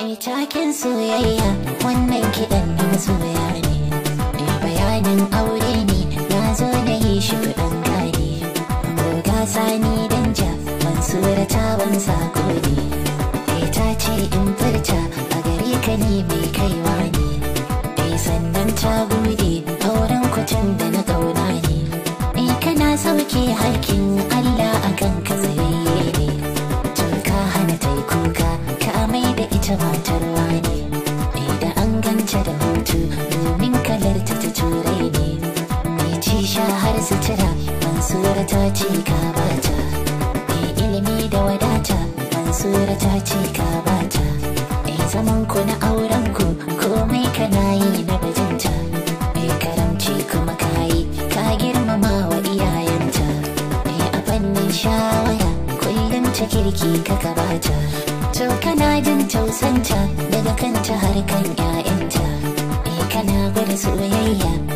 Ai soyayya wannan kiɗan na ne Da bayanin aure ne na zo na yi shi kuɗin kare Oga sani dan ja mansura ta ban sako Ai ta ce in furta a gare ka ne mai kaiwa ne Ai sannan ta gode sha har sutura mansura ta ce ka bata ilimi da wadata mansura ta ce bata mai zaman ku na aurenku, komai kana yi na bajinta mai karamci kuma kayi ka girmamawa iyayenta mai a fannin shawara kullum ta kirki ka gabata to kana jin tausanta daga kanta har kan 'ya'yanta mai kana gwada soyayya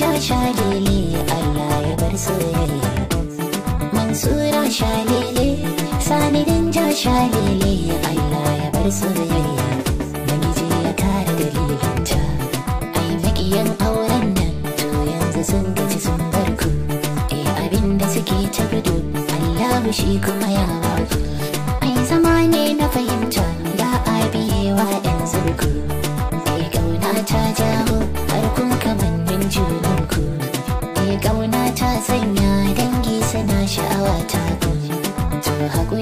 ja shalele Allah ya bar soyayya Mansura shalele sani dan ja shalele Allah ya bar soyayya Namiji ya tara dalilinta ai makiyan auren nan to yanzu sun gaji sun bar ku eh abinda suke ta gudu Allah shi kuma ya ba ai ne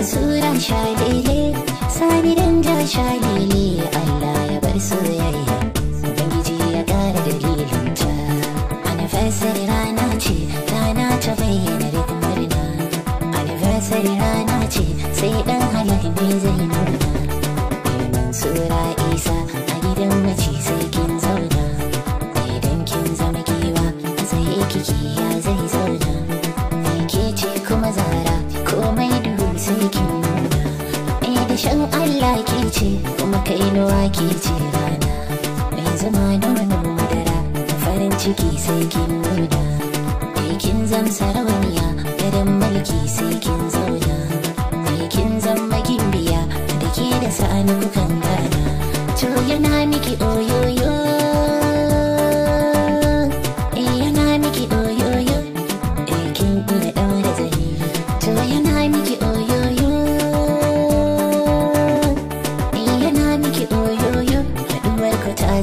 mansura sha lele sani danja sha lele Allah ya bar soyayya ubangiji ya kara dalilin ta ana fassara inuwa ke ce rana mai zama nonon madara da farin ciki sai kin muda mai kin zam sarauniya gadon mulki sai kin zauna mai kin zam magimbiya da ke da sa'ani kukan gana to yana miki oyoyo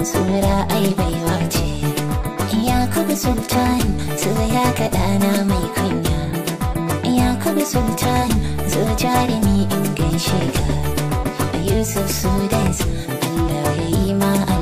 mansura ai baiwa ce yakubu sultan su ya na mai kunya yakubu sultan zo jarumi in gaishe ka yusuf sudan allah ya yi ma